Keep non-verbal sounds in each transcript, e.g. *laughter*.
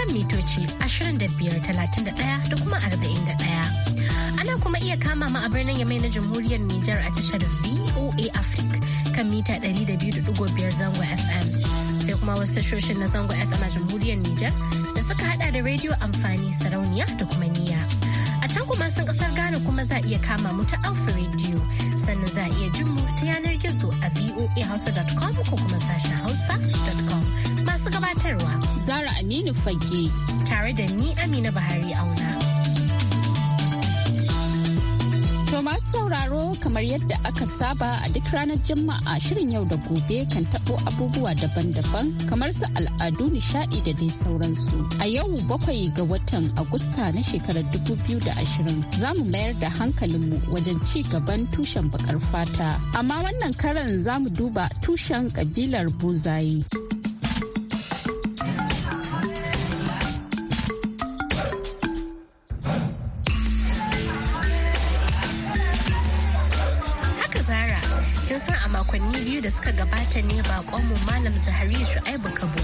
kan mitoci 25,31 da kuma 41. Ana kuma iya kama ma a birnin Yamai na Jamhuriyar Nijar a tashar VOA Africa kan mita 200.5 zango FM. Sai kuma wasu tashoshin na zango FM a Jamhuriyar Nijar da suka hada da rediyo amfani sarauniya da kuma niya. A can kuma sun kasar Ghana kuma za a iya kama mu ta Alpha Radio sannan za a iya jin mu ta yanar gizo a voahausa.com ko kuma sashen hausa.com. Masu gabatarwa Zara Aminu fage tare da ni Amina Bahari Auna. To masu sauraro kamar yadda aka saba a duk ranar Juma'a shirin yau da gobe kan tabo abubuwa daban-daban kamar su al'adu nishadi da dai sauransu. A yau bakwai ga watan Agusta na shekarar dubu biyu 2020 za mu mayar da hankalinmu wajen ci gaban tushen bakar fata. Amma wannan karan za mu duba tushen kabilar buzayi. biyu da suka gabata ne bakonmu Malam su Shu'aibu Kabo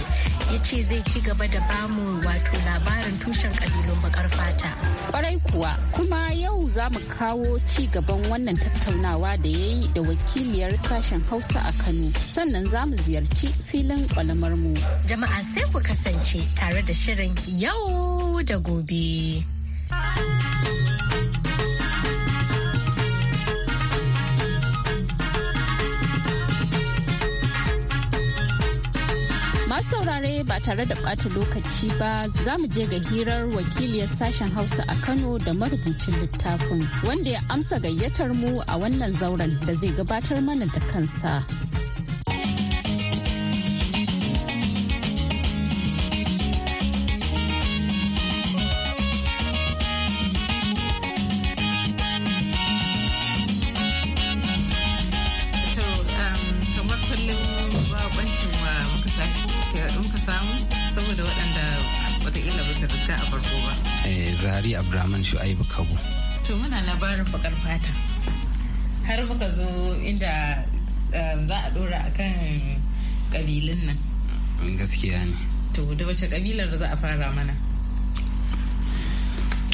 ya ce zai ci gaba da bamu wato labarin tushen kabilun bakar fata. Kwarai kuwa kuma yau za mu kawo ci gaban wannan tattaunawa da ya yi da wakiliyar sashen Hausa a Kano sannan za mu ziyarci filin mu. Jama'a sai ku kasance tare da shirin yau da gobe. Masu saurare ba tare da ɓata lokaci ba za mu je ga hirar wakiliyar sashen Hausa a Kano da marubucin littafin wanda ya amsa gayyatar mu a wannan zauren da zai gabatar mana da kansa. Eh, zari abdulrahman shu'aibu kabu to muna labarin bakar fata har muka zo inda eh, za a dora kan kabilin nan gaskiya ne to da wace kabilar za a fara mana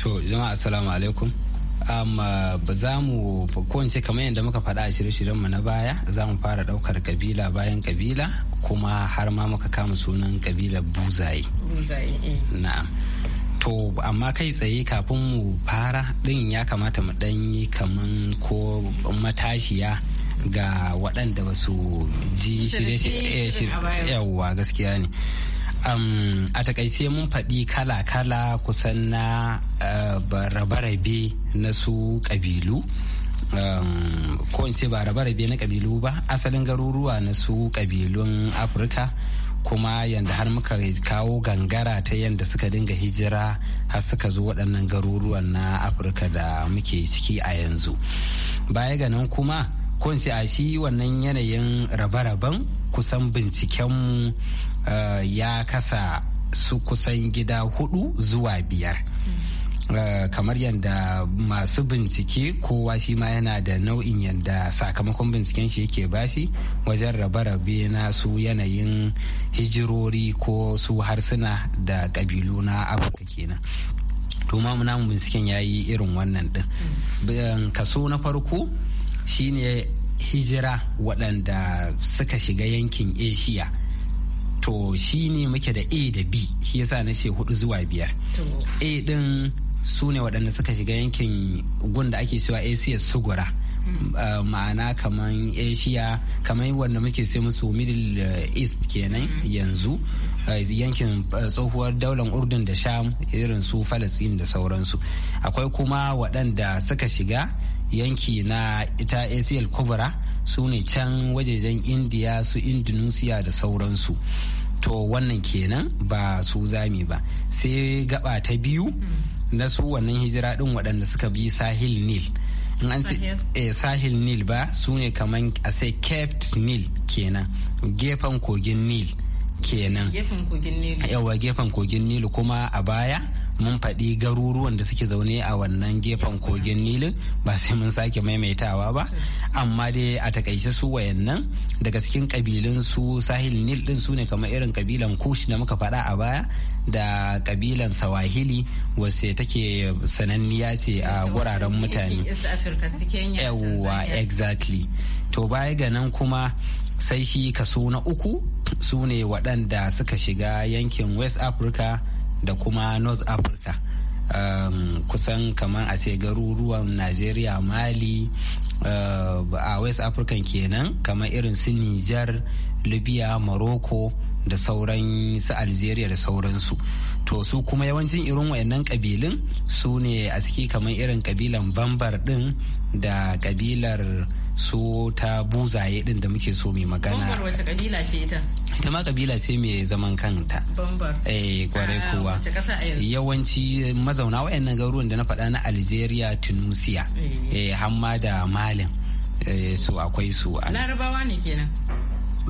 to jama'a assalamu alaikum amma eh, ba za mu kowace kamar yadda muka faɗa a shirye-shiryenmu na baya za mu fara ɗaukar kabila bayan kabila kuma har ma muka kama sunan kabilar buzaye. buzaye na'am to amma kai tsaye kafin mu fara din ya kamata mu ɗanyi kaman ko matashiya ga waɗanda ba su ji shirye eh, yawwa gaskiya ne um, a takaice mun faɗi kala-kala kusan na uh, eh, rabe na su ƙabilu um, ko in ce ba rabe-rabe na ƙabilu ba asalin garuruwa na su ƙabilun afirka kuma yadda har muka kawo gangara ta yadda suka dinga hijira har suka zo waɗannan garuruwan na afirka da muke ciki a yanzu baya ga nan kuma kunci a shi wannan yanayin rabe-raben kusan bincikenmu eh, ya kasa su kusan gida hudu zuwa biyar Eh, kamar yadda masu bincike kowa shi ma yana da nau'in yadda sakamakon binciken shi yake bashi wajen rabe-rabe na su yanayin hijirori ko su harsuna da ƙabilu na afirka kenan to mu namu binciken ya yi irin wannan din kaso na farko shine hijira waɗanda suka shiga yankin asia to shi ne muke da a da b shi yasa na ce hudu zuwa biyar a din su ne waɗanda suka shiga yankin gun da ake cewa mm. uh, asia sugura ma'ana kamar asia kamar wanda muke sai musu middle uh, east kenan mm. yanzu uh, yankin tsohuwar daular urdun da sham irin su falasin da sauransu akwai kuma waɗanda suka shiga yanki na ita acl kubra su ne can wajejen indiya su indonesia da sauransu to wannan kenan ba su zami ba sai gaba ta biyu mm. na su wannan hijira din waɗanda suka bi sahil nil in an eh, sahil nil ba su ne kaman a sai kept nil kenan gefen kogin nil kenan yawa gefen kogin nil kuma a baya mun faɗi garuruwan da suke zaune a wannan gefen kogin nilin ba sai mun sake maimaitawa ba amma dai a takaice su wayannan daga cikin kabilun su sahil nil din su ne kamar irin kabilan kush da muka faɗa a baya da kabilan sawahili wasu take sananniya ce a wuraren mutane yawwa exactly to baya ga nan kuma sai shi kaso na uku su ne waɗanda suka shiga yankin west africa da kuma north africa um, kusan kamar a ce garuruwan nigeria mali uh, a west african kenan kamar irin su niger libya morocco da sauran su algeria da sauransu to su kuma yawancin irin wayannan kabilun su ne a ciki kamar irin kabilan bambar din da kabilar su ta buzaye din da muke so mai magana bambar wace kabila ce ita ita ma kabila ce mai zaman kanta bambar eh kwarai ah, kuwa yawanci eh, mazauna wayannan garuruwan da na faɗa na Algeria Tunisia eh, eh hamma da Malin eh, su akwai su larabawa ne kenan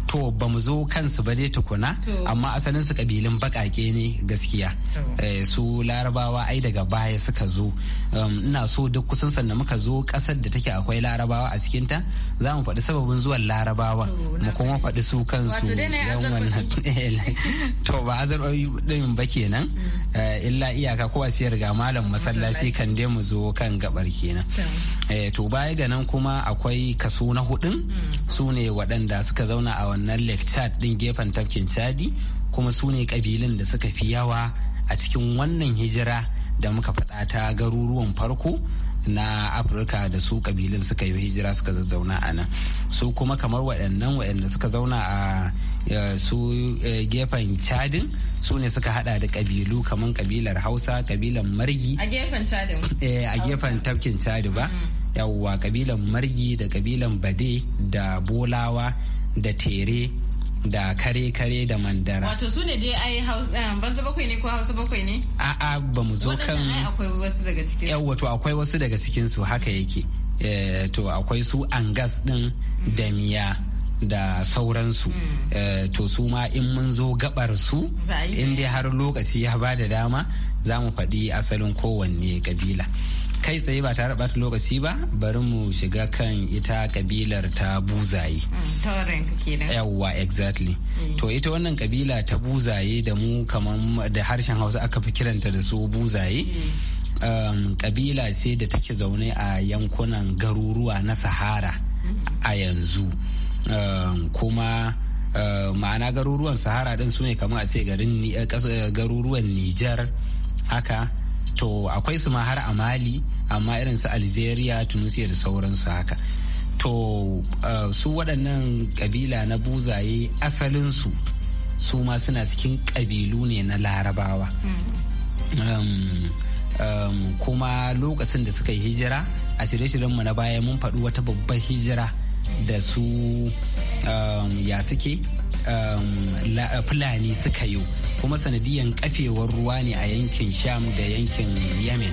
to ba mu zo kansu ba dai tukuna amma asalin su kabilun bakake ne gaskiya eh, su larabawa ai daga baya suka zo um, ina so duk kusan sannan muka zo kasar da take akwai larabawa a cikin ta za mu faɗi sababin zuwan larabawa mu kuma faɗi su kansu yan wannan *laughs* eh, to ba azar din ba kenan mm. eh, illa iyaka ko a siyar ga malam masallaci kan dai mu zo kan gabar kenan to baya ga nan kuma akwai kaso na hudun mm. sune ne waɗanda suka zauna a a wannan lake chad din gefen tafkin chadi kuma su ne kabilin da suka fi yawa a cikin wannan hijira da muka faɗa ta garuruwan farko na afirka da su kabilin suka yi hijira suka zazzauna a nan su kuma kamar waɗannan waɗanda suka zauna a su eh, gefen cadin su ne suka hada da kabilu kamar kabilar hausa kabilan margi eh, a gefen tafkin chadi ba mm-hmm. yawwa kabilan margi da kabilan bade da bolawa da tere da kare-kare da mandara. Wato su ne dai ai eh, banza bakwai ne ko hausa bakwai ne? A'a ba mu zo kan. akwai wasu daga cikin. Yau wato akwai wasu daga cikin su haka yake. Eh, to akwai su angas din da mm. miya. da sauransu mm. eh, to su ma in mun zo gabar su in dai har lokaci ya ba da dama za mu faɗi asalin kowanne kabila. kai tsaye ba tare bata lokaci ba bari mu shiga kan ita kabilar ta buzaye mm, yawwa exactly mm. to ita wannan kabila ta buzaye da mu kamar da harshen hausa aka fi kiranta da su buzaye mm. um, kabila sai da take zaune a yankunan garuruwa na sahara a yanzu um, kuma um, ma'ana garuruwan sahara din su ne kamar a ce eh, eh, garuruwan nijar haka to akwai su ma har a mali amma irin su algeria tunisia da sauransu haka to uh, su waɗannan ƙabila na buzaye asalinsu su ma suna cikin ƙabilu ne na larabawa um, um, kuma lokacin da suka yi hijira a shirye-shiryenmu na baya mun faɗi wata babbar hijira da su um, ya suke Um, uh, fulani suka yi kuma sanadiyan kafewar ruwa ne a yankin sham da yankin yemen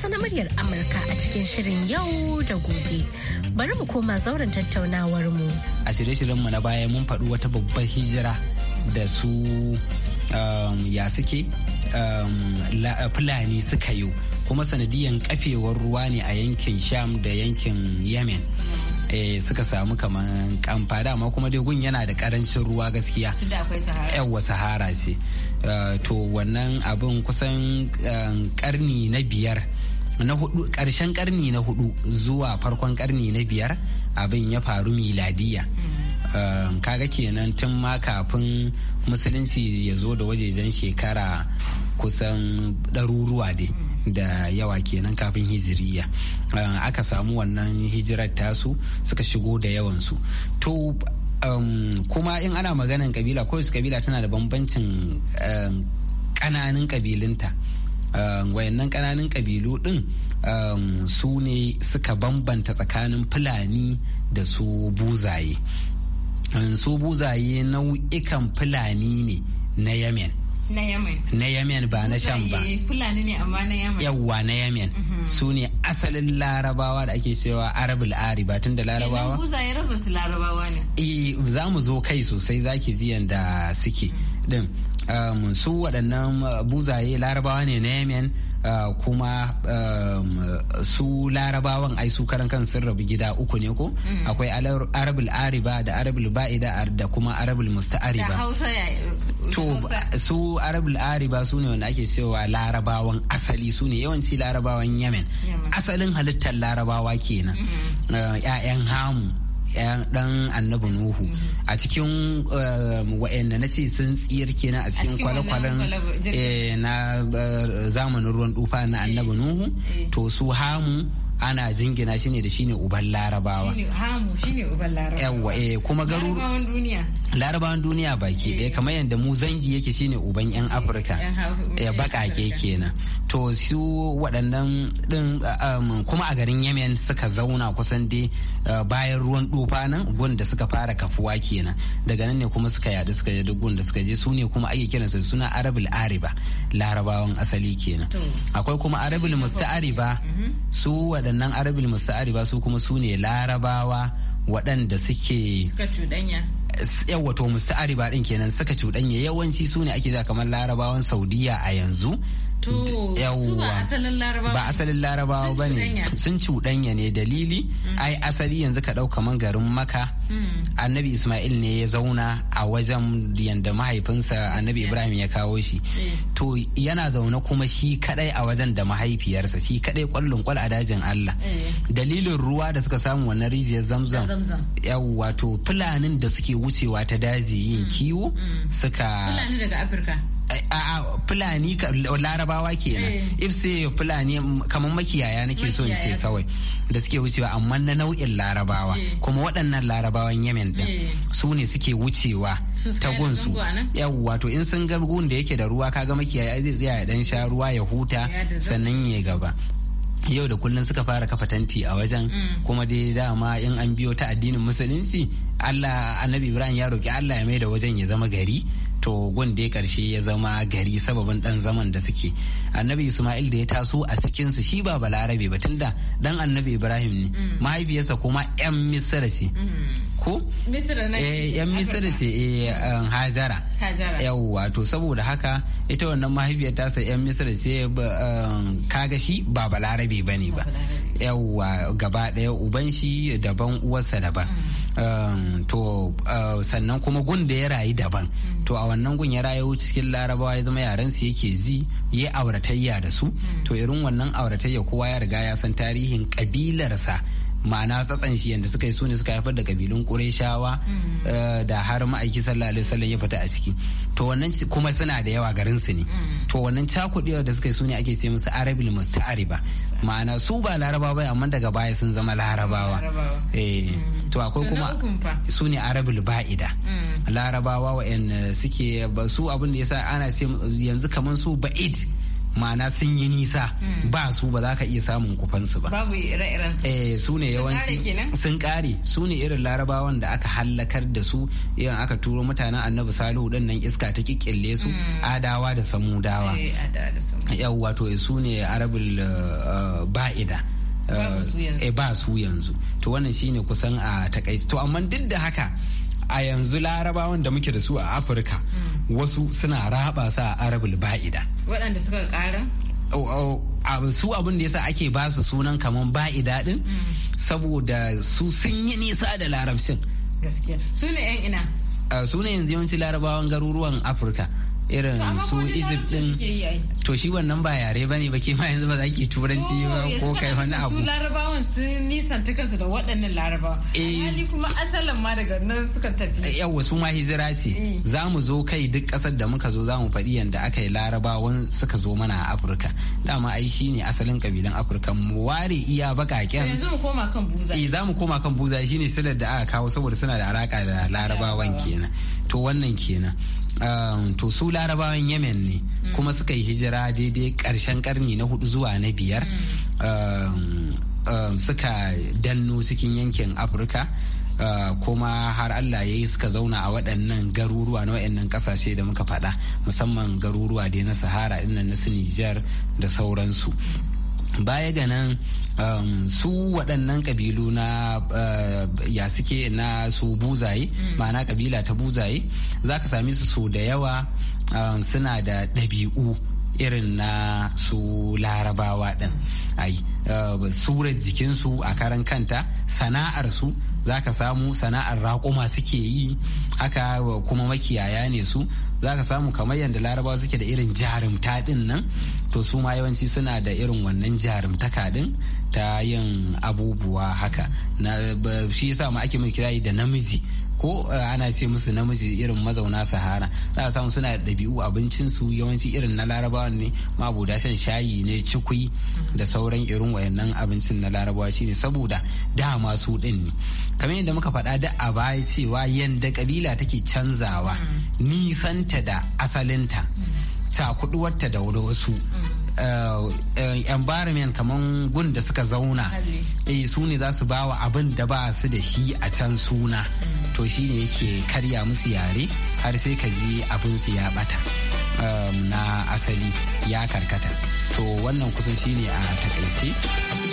Hausa na muryar Amurka a cikin shirin yau da gobe. Bari mu koma zauren tattaunawar mu. A shirye-shiryenmu na baya mun faɗi wata babbar hijira da su um, ya suke um, Fulani suka yi kuma sanadiyan kafewar ruwa ne a yankin Sham da yankin yamen eh, suka samu kaman kamfa dama kuma dai yana da karancin ruwa gaskiya yawwa sahara ce uh, to wannan abin kusan karni um, na biyar na hudu karshen karni na hudu zuwa farkon karni na biyar abin ya faru miladiya ehm, kaga kenan tun ma kafin musulunci ya zo da wajejen shekara kusan ɗaruruwa dai da yawa kenan kafin hijiriya ehm, aka samu wannan hijirar tasu suka shigo da yawansu to ehm, kuma in ana maganin kabila kowace kabila tana da bambancin ƙananan kabilinta Um, wayannan ƙananan ƙabilu din um, su ne suka bambanta tsakanin fulani da su buzaye um, su buzaye nau'ikan fulani ne na yemen na yemen ba na shan ba fulani ne amma na yemen yawwa na yemen mhm. su ne asalin larabawa da ake cewa arabul ari ba tun da larabawa buzaye rabin su larabawa ne eh, za mu zo kai sosai zaki ji yanda suke din mhm. um, su waɗannan uh, buzaye larabawa ne na yemen Uh, kuma um, su larabawan ai su karan kan sun rabu gida uku ne ko mm. akwai arabul ariba da arabul ba'ida da kuma arabul musta'ariba uh, to su arabul ariba su ne wanda ake cewa larabawan asali su ne yawanci larabawan yemen asalin halittar larabawa kenan mm-hmm. uh, 'ya'yan hamu dan annabi nuhu a cikin eh, wa'anda na ce sun tsiyar kenan a cikin kwale-kwalen eh, na eh, zamanin ruwan dufa na annabi nuhu to su hamu ana jingina shi ne da shine uban larabawa shine uban larabawa yawa eh, kuma garu larabawan duniya larabawan duniya baki ɗaya eh. kamar yadda mu zangi yake shine uban yan afirka ya eh, bakake kenan to su waɗannan din kuma a garin yemen suka zauna kusan dai bayan ruwan dufa nan gun da suka fara kafuwa kenan daga nan ne kuma suka yadu suka je duk gun da suka je su ne kuma ake kiransu suna arabul ariba larabawan asali kenan akwai kuma arabul musta'ariba mhm. su waɗannan waɗannan arabil musa'ari ba su kuma su ne larabawa waɗanda suke yawwato to ba ɗin kenan suka cuɗanya yawanci su ne ake za kamar larabawan saudiya a yanzu yawuwa ba asalin larabawa ba ne sun cuɗanya ne dalili mm. ai asali yanzu ka ɗauka man garin maka mm. annabi ismail ne ya zauna a wajen yadda mahaifinsa annabi ibrahim ya kawo shi eh. to yana zaune kuma shi kadai a wajen da mahaifiyarsa shi kadai kwallon kwal a dajin allah eh. dalilin ruwa da suka samu wannan rijiyar zamzam yawwa to fulanin da suke wucewa ta daji yin mm. kiwo suka fulani daga afirka a'a fulani laraba yarabawa kenan eh. ifse fulani kamar makiyaya nake so in ce kawai da suke wucewa amma na nau'in larabawa eh. kuma waɗannan larabawan yamen din eh. su ne suke wucewa ta gunsu yawwa to in sun ga gun da yake da ruwa kaga makiyaya zai tsaya ya dan sha ruwa ya huta sannan ya gaba yau da kullum suka fara kafa tanti a wajen mm. kuma dai dama in an biyo ta addinin musulunci Allah annabi Ibrahim ya roki Allah ya mai da wajen ya zama gari to gunde karshe ya zama gari sababin dan zaman da suke annabi isma'il da ya taso a cikinsu shi ba balarabe ba tunda dan annabi ibrahim ne mm. mahaifiyarsa kuma yan misira ce mm. ko yan misira eh, ce eh, um, hajara yawwa to saboda haka ita wannan mahaifiyar tasa yan misira ce um, kaga shi ba balarabe ba ne ba yawwa gaba daya uban shi daban uwarsa daban mm. Um, to uh, sannan kuma gun da ya rayu daban hmm. to a wannan gun ya rayu cikin larabawa ya zama yaren su yake zi ya auratayya da su hmm. to irin wannan auratayya kowa ya riga ya san tarihin kabilarsa ma'ana tsatsan shi yadda suka yi su suka haifar da kabilun ƙureshawa mm. eh, da har ma'aiki sallallahu alaihi wasallam ya fita a ciki to wannan kuma suna da yawa garin su ne mm. to wannan cakuɗewar da suka yi su ne ake ce musu arabil musta'ariba ma'ana su ba larabawa amma daga baya sun zama larabawa eh to akwai kuma su ne arabil ba'ida mm. larabawa wa'en suke su abin da yasa ana ce yanzu kaman su ba'id ma'ana sun yi nisa hmm. ba su ba za ka iya samun kufansu ba babu ire-iren su eh su ne yawanci sun kare su ne irin larabawan da aka hallakar da su irin aka turo mutanen annabi salihu din nan iska ta kikkille su hmm. eh, adawa da samudawa Yau wato su ne arabul eh, eh, ba'ida ba su yanzu to wannan shine kusan a takaici to amma duk da haka a yanzu larabawan da muke da su a afirka hmm. wasu suna raba sa a arabul ba'ida waɗanda suka ƙara su abin da yasa ake ba su sunan kaman ba'ida din hmm. saboda su sun yi nisa da larabcin su ne yan ina su ne yanzu yawanci larabawan garuruwan afirka irin su egypt din to shi wannan ba yare bane ba ke ma yanzu ba za ki turanci ba oh, ko kai wani *laughs* abu su larabawan sun nisanta kansu da waɗannan larabawa eh. ali kuma asalin ma daga nan suka tafi eh, yawa su ma hijira ce eh. za mu zo kai duk ƙasar da muka zo za mu faɗi yanda aka yi larabawan suka zo mana a afirka dama ai shi ne asalin kabilan afirka mu ware iya baƙaƙen yanzu mu koma kan buza eh za mu koma kan buza shine silar da aka kawo saboda suna da alaka da larabawan kenan to wannan kenan Um, to su larabawan yemen ne mm. kuma suka yi hijira daidai karshen karni na hudu zuwa na biyar mm. um, um, suka danno cikin yankin afirka Uh, kuma har Allah ya yi suka zauna a waɗannan garuruwa na waɗannan ƙasashe da muka faɗa musamman garuruwa da na sahara inda na su da sauransu baya ga nan um, su waɗannan ƙabilu na uh, ya suke na su buzaye mm. ma'ana ƙabila ta buzaye za ka sami su so da yawa um, suna da ɗabi'u irin na su larabawa ɗin ai uh, surar jikinsu a karan kanta sana'arsu za ka samu sana'ar raƙuma suke yi haka kuma makiyaya ne su za ka samu kamar yadda larabawa suke da irin jarumta ɗin nan to su ma yawanci suna da irin wannan jarumtaka ɗin ta yin abubuwa haka shi yasa ma ake mai kirayi da namiji ko eh, ana ce musu namiji irin mazauna sahara za a samu suna da ɗabi'u abincinsu yawanci irin na larabawa ne ma buda shan shayi ne cikui da sauran irin wayannan abincin na larabawa shine saboda dama su ɗin ne kamar yadda muka faɗa da a baya cewa yadda kabila take canzawa mm. nisanta da asalinta mm. cakuduwarta da wasu mm. eh, eh, environment kaman gun da suka zauna su ne za su bawa abin da ba su da shi a can suna to shi ne yake karya musu yare har sai ka ji abinsu ya bata na asali ya karkata to wannan kusan shi ne a takaice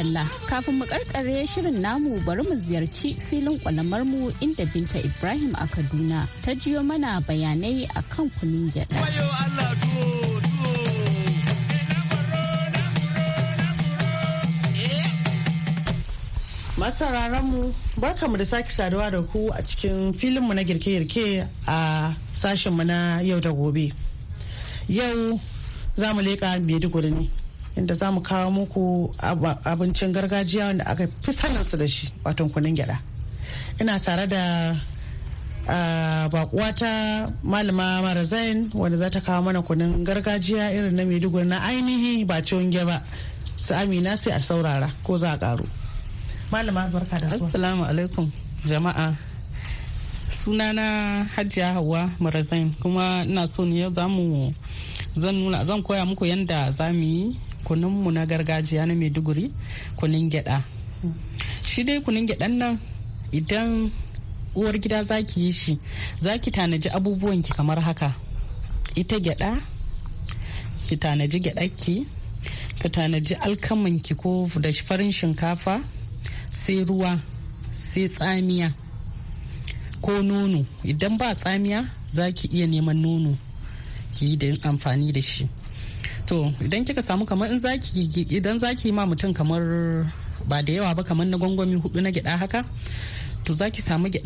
Dalla kafin mu karkare shirin namu bari mu ziyarci filin kwalamar mu inda binta Ibrahim a Kaduna ta jiyo mana bayanai a kan kunun gyada. mu da sake saduwa da ku a cikin filin mu na girke-girke a sashen mu na yau da gobe yau za mu leƙa maiduguri ne inda za mu kawo muku abincin gargajiya wanda aka fi su da shi wato kunin gyada ina tare da bakuwa ta malama zain wanda za ta kawo mana kunin gargajiya irin na maiduguri na ainihi ba ciwon ba su amina sai a saurara ko za a karu malama barka da assalamu alaikum jama'a sunana hajiya hawa zain kuma ina so ne yau zamu zan nuna zan koya muku yadda za mu yi mu na gargajiya na maiduguri kunun gyada shi dai kunun gyadan nan idan uwar gida za ki yi shi za ki tanaji abubuwanki kamar haka ita gyada ki tanaji gyadakki ka tanaji alkaman ki ko da farin shinkafa sai ruwa sai tsamiya ko nono idan ba tsamiya za ki iya neman nono ki yi da amfani da shi to idan kika samu kamar in zaki idan zaki ma mutum kamar ba da yawa ba kamar na gwangwami hudu na gyada haka to zaki samu ki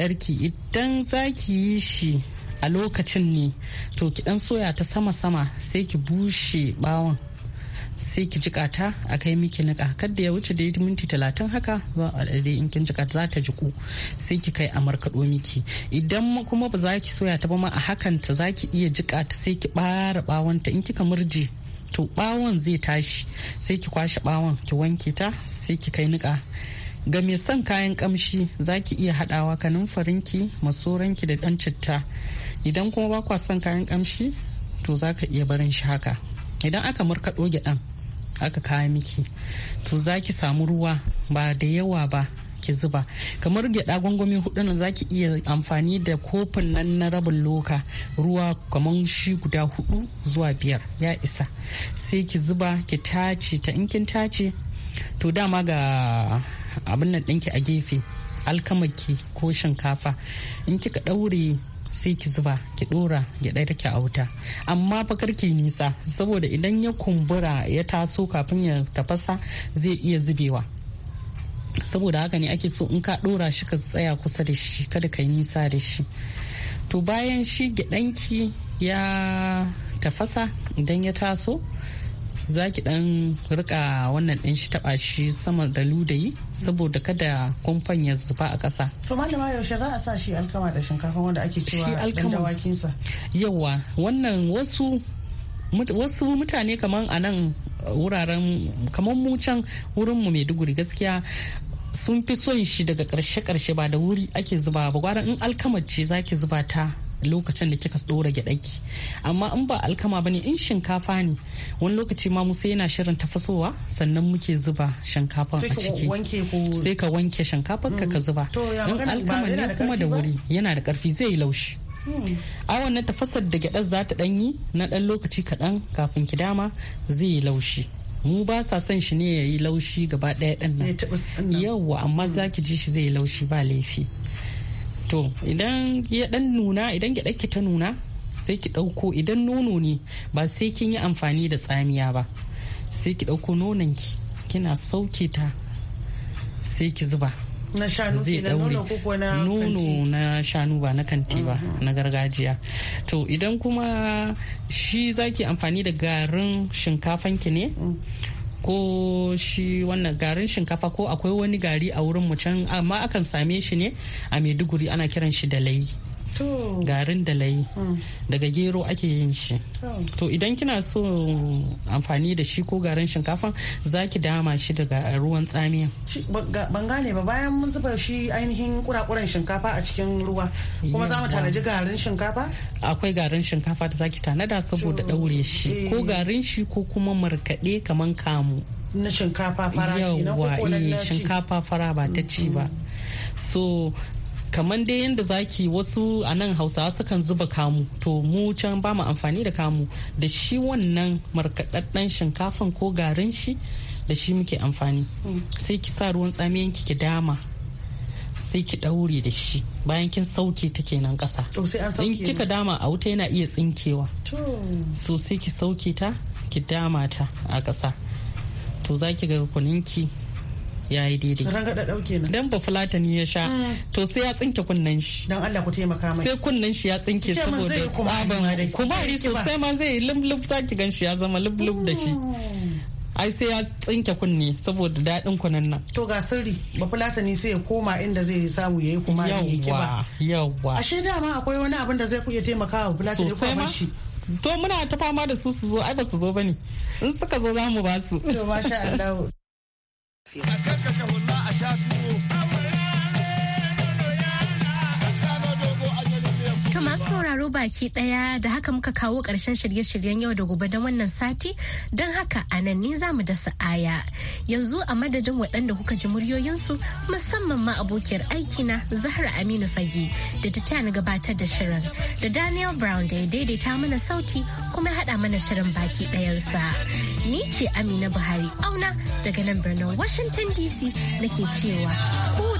idan zaki yi shi a lokacin ne to ki dan soya ta sama sama sai ki bushe bawon sai ki jika ta a kai miki nika kadda ya wuce da minti talatin haka ba alade in kin jika za ta jiku sai ki kai a markaɗo miki idan kuma ba za ki soya ta ba ma a hakan ta za ki iya jika ta sai ki ɓara ɓawonta in kika murje to bawon zai tashi sai ki kwashe bawon ki wanke ta sai ki kai niƙa ga mai son kayan kamshi za ki iya haɗawa kanumfarinki masoranki da ɗan citta idan kuma ba kwa son kayan kamshi to za ka iya barin shi haka idan aka murkaɗo gyaɗan aka kawo miki to za ki samu ruwa ba da yawa ba ki zuba kamar gyada gwangwami hudu nan zaki iya amfani da kofin nan na rabin loka ruwa kamar shi guda hudu zuwa biyar ya isa sai ki zuba ki tace ta in kin tace to dama ga abin nan ɗinki a gefe alkamaki ko shinkafa in kika ɗaure sai ki zuba ki dora ya ɗaya a wuta amma fa karki nisa saboda idan ya kumbura ya taso kafin ya tafasa zai iya zubewa saboda haka ne ake so in ka dora shi ka tsaya kusa da shi kada ka yi nisa da shi to bayan shi gyaɗanki ya tafasa idan ya taso za ki dan rika wannan din shi taba shi sama da ludayi saboda kada kumfan ya zuba a ƙasa. To malama yaushe za a sa shi alkama da shinkafa wanda ake cewa dan dawakin sa. Yawa wannan wasu wasu mutane kaman a nan wuraren kamar mu can wurin mu maiduguri gaskiya sun fi son shi daga karshe-karshe ba da wuri ake zuba ba gwara in alkamar ce zaki zuba ta lokacin da kika dora gyaɗaki amma in ba alkama ne in shinkafa ne wani lokaci ma musa yana shirin tafasowa sannan muke zuba shinkafan a ciki sai ka wanke shinkafar ka ka mm. zuba in alkama ne kuma da wuri yana da karfi zai yi laushi a wannan tafasar da gyaɗar za ta ɗanyi na ɗan lokaci kaɗan kafin ki dama zai yi laushi mu ba sa son shi ne ya yi laushi gaba ɗaya ɗin nan yawwa amma zaki ji shi zai yi laushi ba laifi to idan ya ɗan nuna idan gyaɗar ki ta nuna sai ki ɗauko idan nono ne ba sai kin yi amfani da tsamiya ba sai ki ɗauko nonon ki kina sauke ta sai ki zuba na shanu zai daure nono na shanu ba na kanti ba mm-hmm. na gargajiya to idan kuma shi zaki amfani da garin shinkafan ki ne mm. ko shi wannan garin shinkafa ko akwai wani gari a wurin mu can amma akan same shi ne a maiduguri ana kiran shi da layi garin da layi hmm. daga gero ake yin shi to idan kina so amfani da shi ko garin shinkafa za ki dama shi daga ruwan tsamiya ban gane ba bayan mun zuba shi ainihin kurakuran shinkafa a cikin ruwa kuma za mu tanaji garin shinkafa akwai garin shinkafa da za ki tanada saboda daure shi eh. ko garin shi ko kuma markaɗe kamar kamu na shinkafa fara na eh, shinkafa fara ba ta ci ba hmm. so kamar dai yadda zaki wasu a nan hausawa sukan zuba kamu to mu can ba mu amfani da kamu da shi wannan markaɗaɗɗen shinkafan ko garin shi da shi muke amfani mm. sai ki sa ruwan tsamiyanki ki dama sai ki ɗaure da shi bayan kin sauke ta kenan ƙasa in kika dama a wuta yana iya tsinkewa so sai ki sauke ta ki dama ta a ƙasa to za ki ga kuninki ya yi daidai gaɗa ɗauke na. dan ba fulatani ya sha mm. to sai ya tsinke kunnen shi dan Allah ku taimaka mai sai kunnen shi ya tsinke saboda tsaban kumari sosai ma zai yi lublub zaki gan shi ya zama lublub da shi mm. ai sai ya tsinke kunne saboda daɗin kunan nan. To ga sirri ba fulatani sai ya koma inda zai samu ya yi kuma ya yi kiba. Yawwa. Ashe dama akwai wani abin da zai iya taimaka wa fulatani ko ba shi. To muna ta fama da su su zo ai ba su zo bane. In suka zo za mu ba su. To masha Allah. A kanka hulla a sha tuwo. To masu sauraro baki daya da haka muka kawo ƙarshen shirye-shiryen yau da gobe da wannan sati don haka a nan ne za mu dasa aya. Yanzu a madadin waɗanda kuka ji muryoyinsu musamman ma abokiyar aikina Zahra Aminu Fage da ta gabatar da shirin da Daniel Brown da ya daidaita mana sauti kuma ya haɗa mana shirin baki ɗayansa. Ni ce Amina Buhari auna daga nan birnin Washington DC nake cewa ku